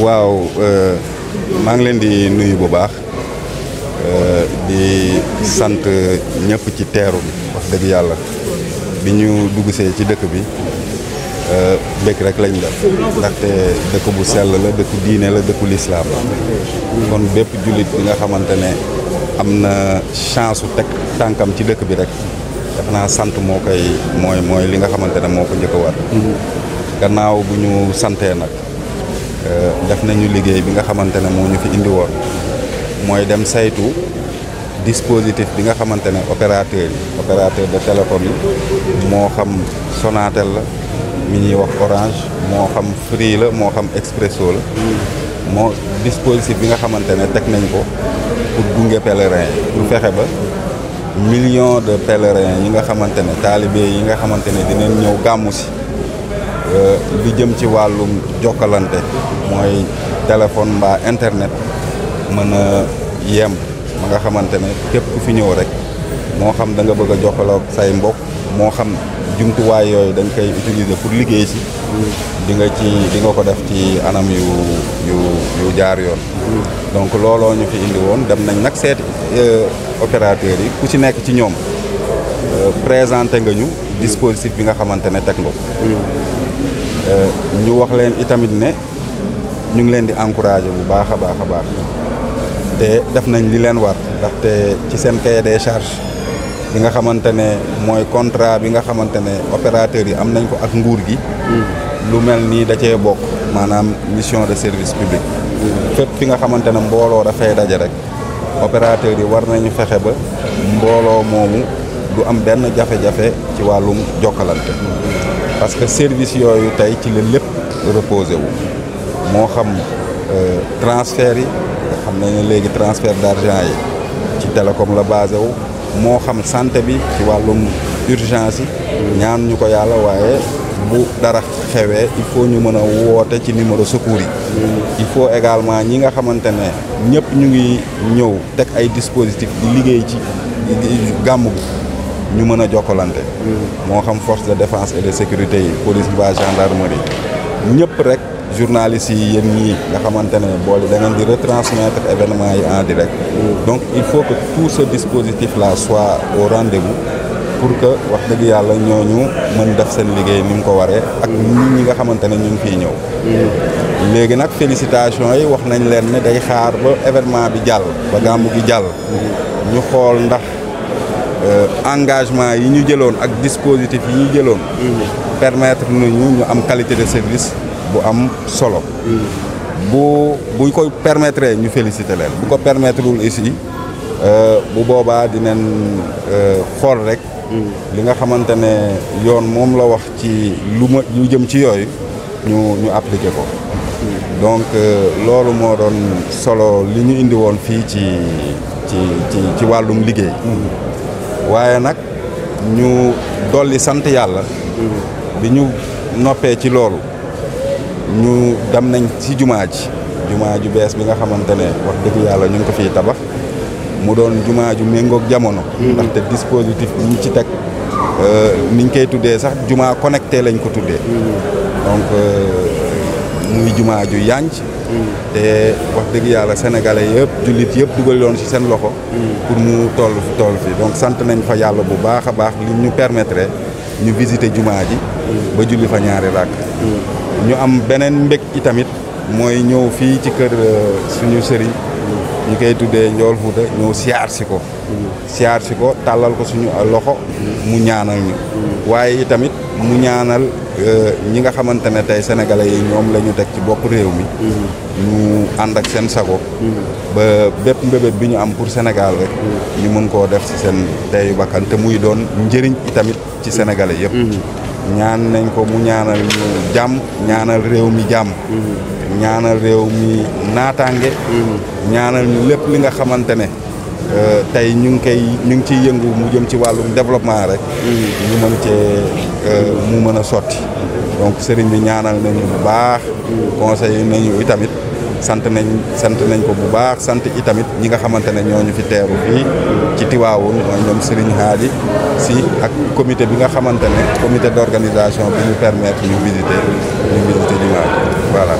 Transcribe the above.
waaw euh, maa ngi leen di nuyu bu baax euh, di sant ñëpp ci teeru bi wax dëgg yàlla bi ñu dugg ci dëkk bi euh, bëgg rek lañ def ndaxte dëkk bu sell la dëkku diine la dëkku lislaam la kon bépp jullit bi nga xamante ne am na chance su teg tànkam ci dëkk bi rek def naa sant moo koy mooy mooy li nga xamante ne moo ko njëkk a mm-hmm. gannaaw bu ñu santee nag Euh, def nañu liggéey bi nga xamante ne moo ñu fi indi woon mooy dem saytu dispositif bi nga xamante ne opérateur yi opérateur de télécom yi moo xam Sonatel la mu ñuy wax Orange moo xam Free la moo xam Expresso la moo dispositif bi nga xamante ne teg nañ ko pour gunge pèlerin yi pour fexe ba million de pèlerins yi nga xamante ne taalibe yi nga xamante ne dinañ ñëw gàmmu si Euh, lu jëm ci wàllum jokkalante mooy téléphone mbaa internet mën a yem ma nga xamante ne képp ku fi ñëw rek moo xam da nga bëgg a jokkaloo say mbokk moo xam jumtuwaay yooyu dañ koy utiliser pour liggéey si nga ci di nga ko def ci anam yu yu yu jaar yoon donc looloo ñu fi indi woon dem nañ nag seeti euh, opérateur yi ku ci nekk ci ñoom euh, présenté nga ñu dispositif bi nga xamante ne teg nga Euh, ñu wax leen itamit ne ñu ngi leen di encouragé bu baax a baax a baax te def nañ li leen war ndaxte ci seen cahier des charges bi nga xamante ne mooy contrat bi nga xamante ne opérateurs yi am nañ ko ak nguur gi lu mel nii da bokk maanaam mission de service public fépp fi nga xamante ne mbooloo dafay daje rek opérateurs yi war nañu fexe ba mbooloo moomu du am benn jafe-jafe ci wàllum jokkalante parce que service yooyu tey ci la lépp reposé wu moo xam euh, transfert yi nga xam ne léegi transfert d'argent yi ci télécom la basé wu moo xam santé bi ci wàllum urgence yi ñaan ñu ko yàlla waaye bu dara xewee il faut ñu mën a woote ci numéro secours yi il faut également ñi nga xamante ne ñëpp ñu ngi ñëw teg ay dispositifs di liggéey ci gàmmu gi ñu mën a jokkalante moo xam force de défense et de sécurité yi police mbaa gendarmerie ñëpp rek journalistes yi yéen ñii nga xamante ne boole da ngeen di retransmettre événement yi en direct donc il faut que tout ce dispositif là soit au rendez-vous pour que wax dëgg yàlla ñooñu mën def seen liggéey ni mu ko waree ak nit ñi nga xamante ne ñu ngi fiy ñëw léegi nag félicitations yi wax nañ leen ne day xaar ba événement bi jàll ba gàmmu gi jàll ñu xool ndax Euh, engagement yi ñu jëloon ak dispositif yi ñu jëloon. permettre nañu ñu am qualité de service bu am solo. Mm-hmm. bu bu ko permettre ñu féliciter leen. bu ko permettre wul aussi euh, bu boobaa dina euh, xool rek. Mm-hmm. li nga xamante ne yoon moom la wax ci lu ma lu jëm ci yooyu ñu ñu appliquer ko. Mm-hmm. donc loolu moo doon solo li ñu indi woon fii ci ci ci ci wàllum liggéey. waaye nag ñu dolli sant yàlla bi ñu noppee ci loolu ñu dem nañ ci jumaa ji jumaa ju bees bi nga xamante ne wax dëgg yàlla ñu ngi ko fiy tabax mu doon jumaa ju méngoog jamono hmm. ndaxte dispositif bi ñu ci teg euh, niñ koy tuddee sax jumaa connecté lañ ko tuddee hmm. euh, muy jumaa ju yanc te wax dëgg yàlla sénégalais yëpp jullit yëpp dugal yoon ci seen loxo pour mu toll fi toll fi donc sant nañ fa yàlla bu baax a baax li ñu permetre ñu visiter jumaa ji ba julli fa ñaari ràkk ñu am beneen mbég itamit mooy ñëw fii ci kër euh, suñu sëriñ ñi koy tuddee njool Fouta ñëw siyaar si ko siyaar si ko tàllal ko suñu loxo mu ñaanal ñu waaye tamit mu ñaanal euh, ñi nga xamante ne tey sénégalais yi ñoom lañu teg ci bopp réew mi ñu ànd ak seen sago ba bépp mbébét bi ñu am pour Sénégal rek ñu mën koo def si seen tey bakkan te muy doon njëriñ i tamit ci sénégalais yëpp ñaan nañ ko mu ñaanal ñu jàmm ñaanal réew mi jàmm ñaanal réew mi naataange ñaanal ñu lépp li nga xamante ne euh, tey ñu ngi koy ñu ngi ciy yëngu mu jëm ci wàllum développement rek ñu mën cee euh, mu mën a sotti donc sëriñ bi ñaanal nañu bu baax conseil nañu itamit sant nañ sant nañ ko bu baax sant itamit ñi nga xamante ne ñoo ñu fi teeru fii ci Tiwaawoon mooy ñoom Serigne Haadi si ak comité bi nga xamante ne comité d'organisation bi ñu permettre ñu visiter ñu visiter jumaa voilà.